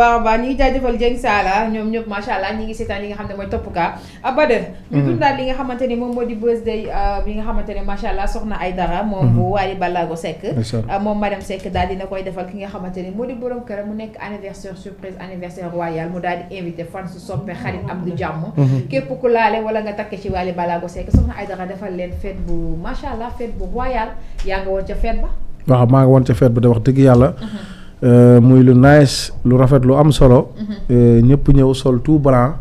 waaw a ñi ngi jaajëfal Dieng Sala ñoom ñëpp macha allah ñi ngi seetaan li nga xam ne mooy topp kaa Badara ñu hmm. dundaal li nga xamante ni moom moo di birthday euh, bi nga xamante ne macha allah soxna ay dara moom bu hmm. Wally Ballago Seck euh, moom madame Seck daal dina koy defal ki nga xamante ni moo di borom këram mu nekk anniversaire surprise anniversaire royal mu daal di invité fan su soppe xarit am du jàmm képp ku laale wala nga takke ci Wally Ballago Seck soxna ay dara defal leen fet bu macha allah fête bu royal yaa nga woon ca fête ba maa ngi woon ca fête yàlla hmm. Euh, muy lu nice lu rafet lu am solo. Mhm. Euh, ñëpp ñëw sol tout blanc.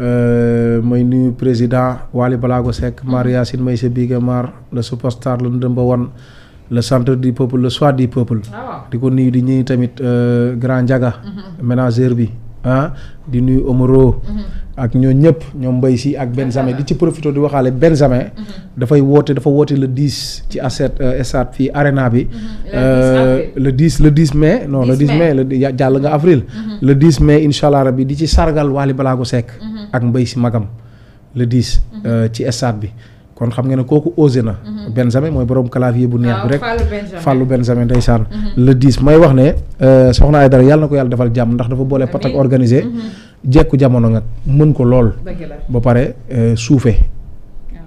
Euh, may nuyu président Waly Balago Seck mhm. Mar Yacine may sa biiga Mar le superstar le ndëmba wan le centre du peuple le choix du peuple. Ah. di ko nuyu di ñuy tamit grand Ndiaga. Mhm. ménageur bi. ah di nuyu Omoro. Mm-hmm. ak ñoo ñëpp ñoom mbay si ak Benjamin di ci profité di waxaale Benjamin. Mm-hmm. dafay woote dafa woote le 10 ci aset esat euh, fii arena bi. Mm-hmm. le 10 euh, le 10 mai non le 10 mai le jàll nga avril. le 10 mai incha allah bi di ci sargal balaa ko sekk ak mbay si magam le 10. Euh, ci esat bi. kon xam nga ne kooku osé na. Mhm. Benjamin mooy borom clavier bu neex bi ah, rek Fallou Benjamin ndeysaan mhm. le 10 may wax ne euh, soxna ay dara yàlla na ko yàlla defal jàmm ndax dafa boole patak organisé. Mhm. jekku jamono nga mën ko lool. ba pare euh, suufe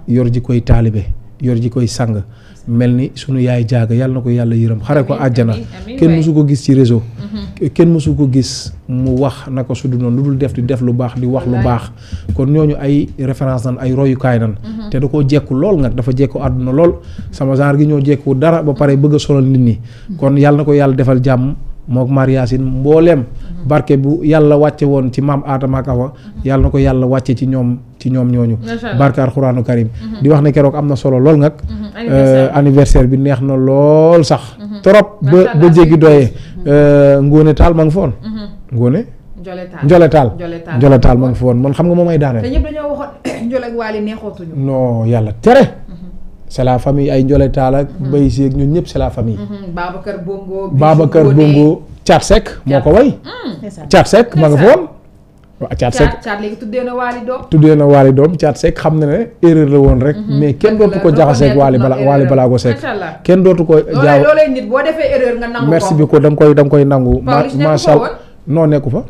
yor ji koy taalibe yor ji koy sang mel ni sunu yaay jaaga yàlla na ko yàlla yërëm xare ko àjjana kenn mosu ko gis ci réseau mhm. kenn mosu ko gis mu wax naka su du noonu lu dul def di def lu baax di wax lu baax kon ñooñu ay référence nan ay royukaay nan mhm. te du koo jekku lool nag dafa jekku àdduna lool sama genre gi ñoo jekku dara ba pare bëgg a solal nit ñi mhm. kon yàlla na ko yàlla defal jàmm moo Mar Yaasin mbooleem barke bu yàlla wàcce woon ci maam Aadama ak Awa yàlla na ko yàlla wàcce ci ñoom ci ñoom ñooñu barka alxuraanu karim mm-hmm. di wax ne keroog am na solo lool nag mm-hmm. euh, anniversaire bi neex na lool sax mm-hmm. trop ba ba jéggi doyee euh, ngóone taal ma nga foon ngóone njole taal njole taal ma nga foon man xam nga moom ay daaneel te ñëpp dañoo waxoon njole ak yàlla tere c'est la ay njole taal ak bay si ak ñun ñëpp c'est la famille Babacar Bongo Babacar Bongo moo ko way mm. Thiat Seck ma nga foon waaw caat sekk caat léegi tuddee na waali doom. tuddee na xam na ne erreur la woon rek. Mhm. mais kenn dootu ko jaxaseeg waali balaa waali balaa ko sekk. kenn dootu ko jaaw loolee nit boo defee erreur ko merci beaucoup da koy da nga koy nangu. macha allah noo nekku fa.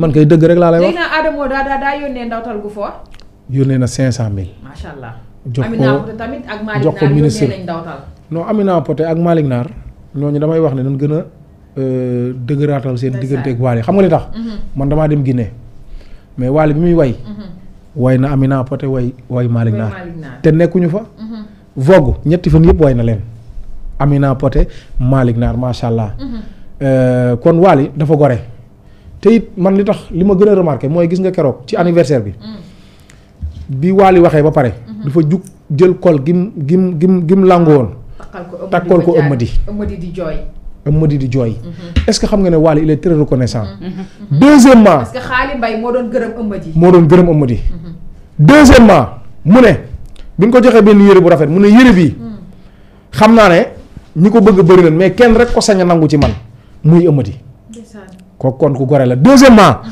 man kay dëgg rek laa lay wax. léegi nag Adamo daa daa yónnee ndawtal gu fort. yónnee na 500000. macha allah jox ko tamit ak Malick Naar yónnee nañ ndawtal. non Amina Poté ak Malick Naar ñooñu damay wax ne dañ gën a Euh, dëgëraatal seen diggante ak Wally xam nga li tax mhm. man damaa dem gine mais Wally bi muy way mhm. way na Amina Poté way way Malick Naar te nekkuñu fa mhm. vogu ñetti fan yépp way na leen Amina Poté Malick Naar macha allah euh, kon Wally dafa gore te it man li tax li ma gën a remarqué mooy gis nga keroog ci anniversaire bi bi Wally waxee ba pare dafa jug jël kol gim gim gim gim làngu woon takkal ko ëmmadi Amady di jooy. Mhm. est-ce que xam nga ne Wally il est très reconnaissant. Mhm. Mhm. deuxièmement moo doon gërëm Amady. moo doon gërëm Amady. deuxièmement mu ne bi ñu ko joxee benn yére bu rafet mu ne yére bi xam naa ne ñi ko bëgg bëri nañ mais kenn rek ko sañ a nangu ci man muy Amady. ko kon ku gore la deuxièmement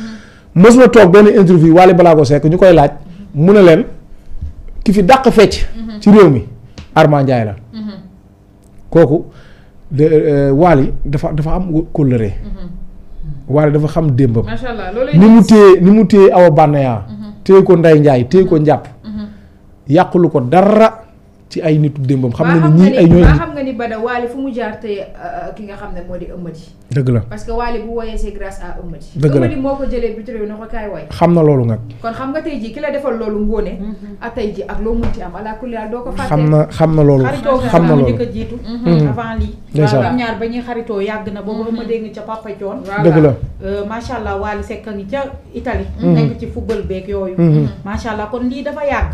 mës na toog benn interview Wally Ballago Seck ñu koy laaj mu ne leen ki fi dàq fecc ci réew mi Armand la kooku. de euh, dafa dafa am kóllëre. Mhm. Mhm. Waly dafa xam démbam. macha allah ni mu téye ni mu téye awa bànneyaa mhm. téye ko Ndeye Ndiaye téye ko njàpp. yàqulu ko dara. ci ay nitu démbam. xam na ni ñii ay ñooy. xam mu jaar tey euh, euh, ki nga xam ne moo di Eumeudi. dëgg la parce que Wally bu woyee c'est grâce à Eumeudi. dëgg la Eumeudi moo ko jëlee bitim réew na ko kaay na loolu nag. kon xam tey jii ki la defal loolu ngóone. Mm-hmm. ak tey jii ak loo munti am ala ko fàtte. xam na xam xam na loolu xaritoo jiitu. Mm-hmm. Mm-hmm. avant lii. ndeysaan ñaar ba ñuy xaritoo yàgg na boobu ma dégg ca Papa Thion. dëgg la euh, macha allah Wally Seck a ngi ca Italie. nekk ci football beeg yooyu. macha allah kon lii dafa yàgg.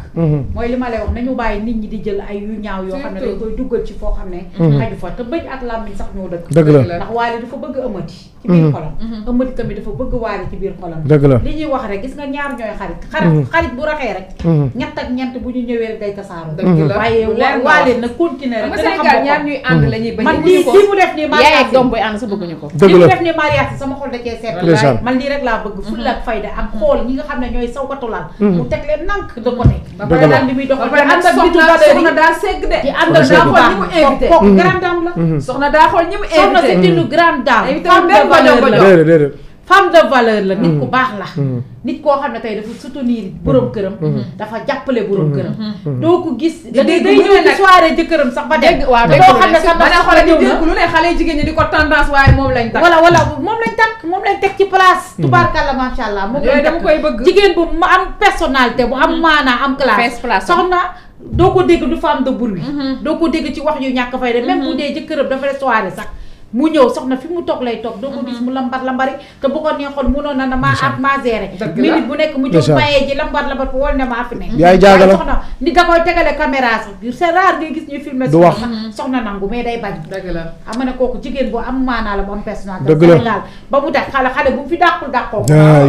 mooy li ma lay wax nañu bàyyi nit ñi di jël ay yu ñaaw yoo xam ne dañ koy duggal ci foo xam ne hmm. xaju fa te bëj ak làmmiñ sax ñoo dëkk dëgg la ndax waale dafa bëgg ëmati ci hmm. biir xolam hmm. ëmati tamit dafa bëgg waale ci biir rek gis nga bu raxee rek ñett ak ñent bu ñu ñëwee la waaye waale na continuer rek Sénégal ñaar ñuy ànd la ñuy bañ sa ko da cee seet man laa bëgg fulla ak fayda am xool ñi nga xam ne ñooy saw katulaal mu teg leen nank de côté ba pare daal li muy dox daal segg de. di àndal daa xool ñi mu invité grande dame la. Mm-hmm. soxna daa xool ñi mu invité soxna c'est une grande dame. femme de valeur la femme de valeur la nit ku mm-hmm. baax la. Mm-hmm. nit koo xam ne tey dafa soutenir borom këram. dafa jàppale borom këram. doo ko gis. da ngay day ñëw ci këram sax ba dem. waaw doo xam ne sax dafa xool di dégg lu ne xale jigéen ñi di ko tendance waaye moom lañ takk. wala wala moom lañ takk moom lañ teg ci place. tubaarkàlla macha allah moom bëgg. jigéen bu mu am personnalité bu am maanaa am classe. soxna. doo ko dégg du fa am de bruit. Mm-hmm. doo ko dégg ci wax yu ñàkk fay de même bu mm-hmm. dee jëkkëram dafa soirée sax mu ñëw soxna fi mu toog lay toog doo ko mhm. gis mu lambar lambari te bu ko neexoon mënoon na na nekk mu jóg mayee ji lambar lambar ko wal ne maa fi ne yaay jaagala soxna ni mhm. da dëgg la ama ne kooku jigéen bu am maanaa la bu ba mu daj xale xale bu fi dàqul dàqoo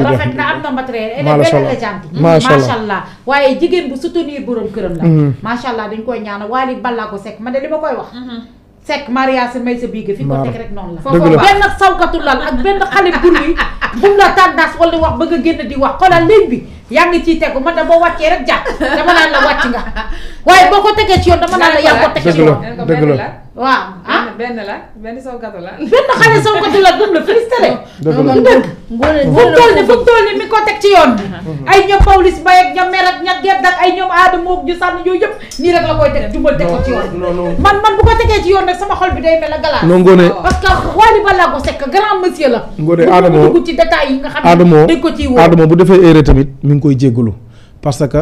rafet na am na matériel elle est belle et gentille mhm. allah waaye jigéen bu soutenir borom këram la macha allah dañ koy ñaanal Wally Ballago Seck man de li ma koy wax Seck Maria Sy Maysa Biége fi ko teg rek noonu la foofu benn sawkatu lal ak benn xale buri bu la tendance wala wax bëgg a génn di wax xoolal léegi bi yaa ngi ciy tegu man da boo wàccee rek jàpp dama naan la wàcc nga waaye boo ko tegee ci yoon dama naan la yaa ko teg ci yoon dëgg waaw ah. benn la benn sowkatu la. benn xale sowkatu la dum la félicité rek. dëgg la dëgg fu toll ni fu toll ko teg ci yoon bi. ay ñoom Pawlish Mbaye ak ñoom Mer ak ña Gedd ak ay ñoom Adama ak yooyu yëpp nii rek la koy teg jubal teg ko ci yoon man man bu ko tegee ci yoon rek sama xol bi day mel la galaat. non ngoone oh, parce que Wally Ballago Seck grand monsieur la. ngoone Adama dugg ci détails yi nga xam ne dañ ko ciy woo Adama bu defee erreur tamit mi ngi koy jéggalu parce que.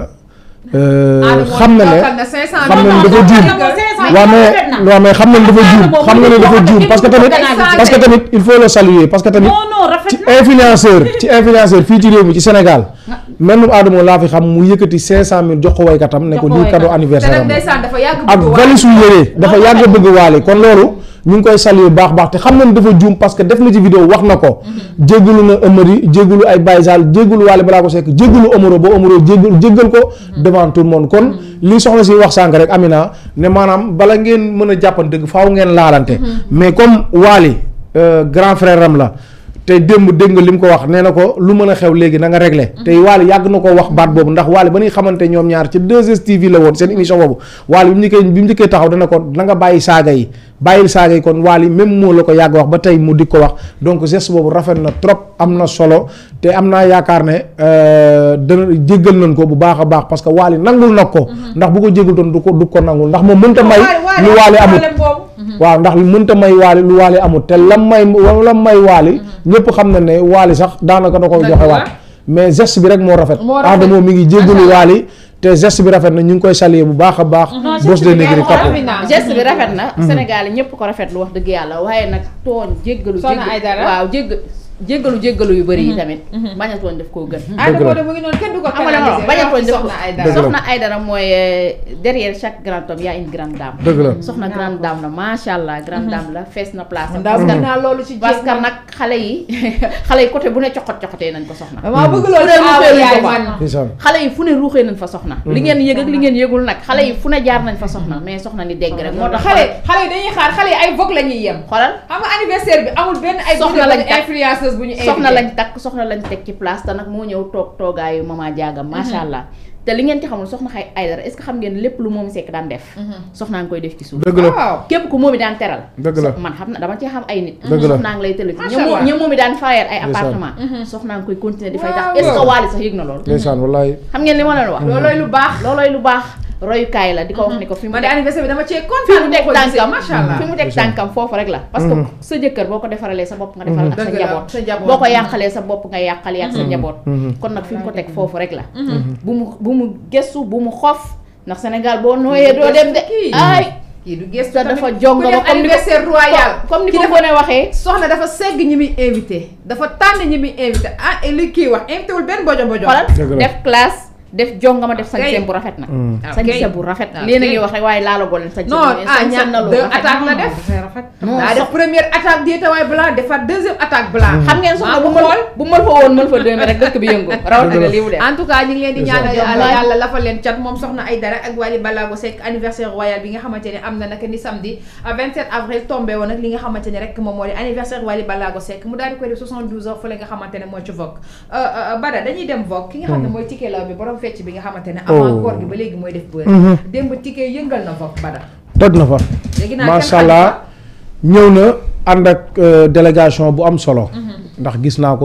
Euh, xam na ne xam waaw mais waaw mais xam nga ne dafa juum xam nga ne dafa juum parce que tamit parce que tamit il faut le saluer parce que tamit ci influenceur fii ci réew mi ci Sénégal ah. mennum Adamo laa fi xam mu yëkkati cinq cent mille jox ko waykatam ne ko lii cadeau anniversaire am ak valise su yére dafa yàgg bëgg waale kon loolu ñu ngi koy saluer baax baax te xam nañ dafa juum parce que def na ci vidéo wax na ko mm-hmm. jégalu na Amari jégalu ay Baye Sall jégalu Wally Ballago Seck jégalu Omaro ba Omaro jégal jégal ko mm-hmm. devant tout le monde kon mm-hmm. li soxla si wax sànq rek Amina ne maanaam bala ngeen mën a jàppan dëgg faw ngeen laalante. Mm-hmm. mais comme Waly euh, grand frère am la te démb dégg nga li mu ko wax nee na ko lu mën a xew léegi nanga nga réglé. Mm-hmm. tey Waly yàgg na ko wax baat boobu ndax Waly ba ñuy xamante ñoom ñaar ci 2STV la woon seen émission boobu Waly bi mu njëkkee bi mu taxaw dana ko na nga bàyyi saaga yi. bàyyil saaga yi kon waali même moo la ko yàgg wax ba tey mu di ko wax donc geste boobu rafet na trop am na solo te am naa yaakaar ne euh, dana jéggal nañ ko bu baax a baax parce que waali nangul nag ko mhm. ndax bu ko jéggal doon du ko dug ko nangul ndax moom mënta may lu waali amut mhm. waaw ndax mënta may waali lu waali amut te lam may lam may waali mhm. ñëpp xam na ne waali sax daanaka da koy joxewaat mais geste bi rek moo rafet Adamo mi ngi jéggalu waali te geste bi rafet na ñu ngi koy saluer bu baax a baax. boss de négri kapo bi rafet na. Mm. Sénégal ñëpp ko rafetlu wax dëgg yàlla waaye nag tooñ jéggalu. soxna Aïdara waaw jégg jéggalu jéggalu yu bëri yi mhm. tamit. bañ a tooñ koo gën. dëgg la mu ngi noonu a tooñ def ko soxna ay dara mooy euh, derrière a une grande dame. dëgg la soxna grande dame la macha allah mhm. na place mm. yi xale yi côté bu ne coxot coxotee nañ ko soxna. waaw mm. bëgg loolu xale yi fu ne ruuxee fa soxna. Mm. li ngeen yëg ak li ngeen yëgul nag xale yi fu ne jaar nañ fa soxna mais soxna ni dégg rek moo tax xale la ñuy yem xoolal xam nga anniversaire bi amul benn ay soxna lañ influence masseuse bu soxna lañ takk soxna lañ teg ci place te nag moo ñëw toog toogaayu Mama Diaga mhm. macha allah. te li ngeen ci xamul soxna xay Aydara est-ce que xam ngeen lépp lu moom sekk daan def mhm. soxnaa ngi koy def ci suuf dëgg la képp ku moom i daan teral man xam na dama cee xam ay nit soxnaa ngi lay tëral ñi moom i daan fayeer ay appartement mhm. soxnaa ngi koy continuer di tax est-ce que Wally sax na loolu xam ngeen li ma leen wax loolooy lu baax loolooy lu baax royukaay la di ko wax mhm. ni ko fi mu teg tànkam fi mu teg tànkam foofu rek la parce que mhm. sa jëkkër boo ko defaralee sa bopp nga defaral ak sa njaboot boo ko yàqalee sa bopp nga yàqal yàq sa mhm. njaboot kon nag fi mu ko teg foofu rek la bu mu bu mu gëstu bu mu xof ndax Sénégal boo nooyee doo dem de ay kii du gëstu tamit dafa jog ba comme anniversaire royal comme ni ko Ngoné waxee soxna dafa segg ñi muy invité dafa tànn ñi muy invité ah li kii wax invité wul benn bojo bojo def def jongama def ah, sañ seen bu rafet na. Mm. Ah, sañ seen bu rafet ah, na lii ngi wax rek waaye laalagoo la def. daa def première mm. bu mën bu mën fa woon rek dëkk bi yëngu rawatina lii leen di ñaanal yàlla bi nga xamante ne am na naka ni samedi 27 avril tombé woon ak li nga xamante ne rek moom moo di anniversaire Wally Ballago Seck mu daal di koy def 72 heures nga xamante ne moo ci Vogue euh, euh, Bada dañuy dem Vogue ki nga xam ne mm. mooy ticket law bi borom fecc bi nga xamante ne. Oh. avant koor gi ba léegi mooy def bëri. Mhm. démb tikkee yëngal na fa bada. toj ñëw na ànd ak euh, délégation bu am solo. Mhm. ndax gis naa ko.